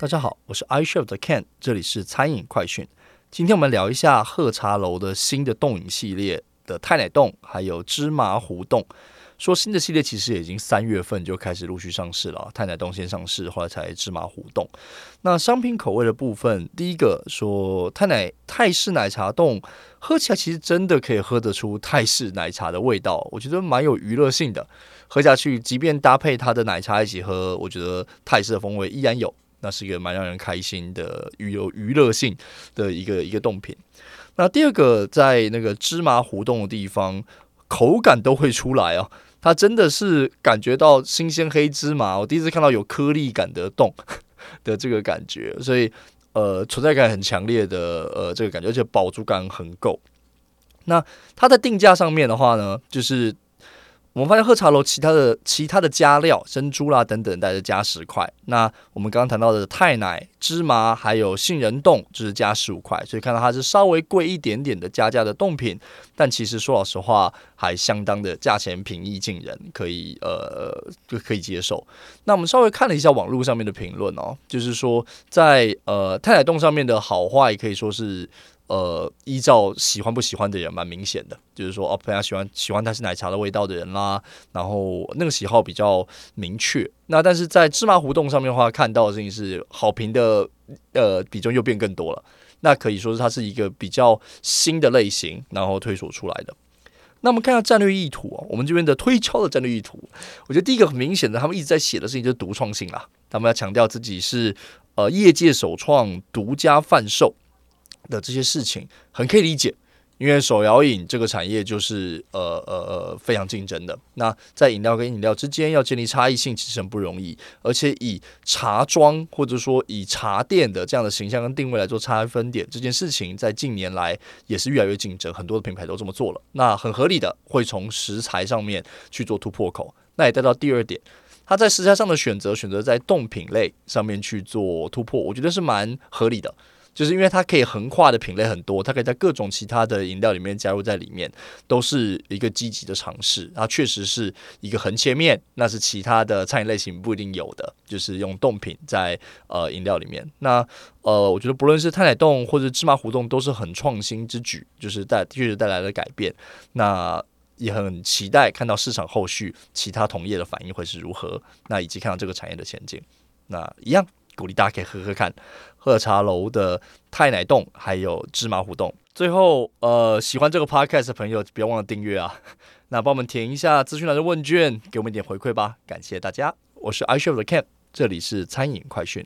大家好，我是 iCHEF 的 Ken，這裡是餐飲快訊。今天我們聊一下鶴茶樓的新的凍飲系列的泰奶凍，還有芝麻糊凍。說新的系列其實已經三月份就開始陸續上市了，泰奶凍先上市，後來才芝麻糊凍。那商品口味的部分，第一個說泰奶泰式奶茶凍，喝起來其實真的可以喝得出泰式奶茶的味道，我覺得蠻有娛樂性的。喝下去，即便搭配它的奶茶一起喝，我覺得泰式的風味依然有。那是一個蠻讓人開心的娛有娛樂性的一個一個凍品。那第二個在那個芝麻糊凍的地方，口感都會出來哦。它真的是感覺到新鮮黑芝麻，我第一次看到有顆粒感的凍的這個感覺，所以呃存在感很強烈的呃這個感覺，而且飽足感很夠。那它的定價上面的話呢，就是。我們發現鶴茶樓其他的其他的加料珍珠啦、等等，大概加十塊。那我們剛剛談到的泰奶芝麻還有杏仁凍，就是加十五塊。所以看到它是稍微貴一點點的加價的凍品，但其實說老實話，還相當的價錢平易近人，可以呃，就可以接受。那我們稍微看了一下網絡上面的評論哦，就是說在呃泰奶凍上面的好壞可以說是。呃，依照喜歡不喜歡的人蠻明顯的，就是說，啊，非常喜歡喜歡它是奶茶的味道的人啦，然後那個喜好比較明確。那但是在芝麻糊上面的話，看到的事情是好評的，呃，比重又變更多了。那可以說是它是一個比較新的類型，然後推手出來的。那我們看一下戰略意圖啊、哦，我們這邊的推敲的戰略意圖，我覺得第一個很明顯的，他們一直在寫的事情就是獨創性啦，他們要強調自己是呃業界首創，獨家販售。的這些事情很可以理解，因為手搖飲這個產業就是呃呃呃非常競爭的。那在飲料跟飲料之間要建立差異性其實很不容易，而且以茶莊或者說以茶店的這樣的形象跟定位來做差分點，這件事情在近年來也是越來越競爭，很多的品牌都這麼做了。那很合理的會從食材上面去做突破口，那也帶到第二點，他在食材上的選擇，選擇在凍品類上面去做突破，我覺得是蠻合理的。就是因為它可以橫跨的品類很多，它可以在各種其他的飲料裡面加入在裡面，都是一個積極的嘗試。它確實是一個橫切面，那是其他的餐飲類型不一定有的，就是用凍品在呃飲料裡面。那呃，我覺得不論是泰奶凍或者芝麻糊凍，都是很創新之舉，就是帶確實帶來了改變。那也很期待看到市場後續其他同業的反應會是如何，那以及看到這個產業的前景。那一樣。鼓勵大家可以喝喝看，鶴茶樓的泰奶凍，還有芝麻糊凍。最後，呃，喜歡這個 podcast 的朋友，不要忘了訂閱啊！那幫我們填一下資訊欄的問卷，給我們一點回饋吧。感謝大家，我是 iCHEF 的 Camp，這裡是餐飲快訊。